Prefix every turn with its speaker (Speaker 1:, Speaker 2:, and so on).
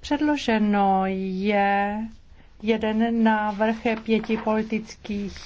Speaker 1: Předloženo je jeden návrh pěti politických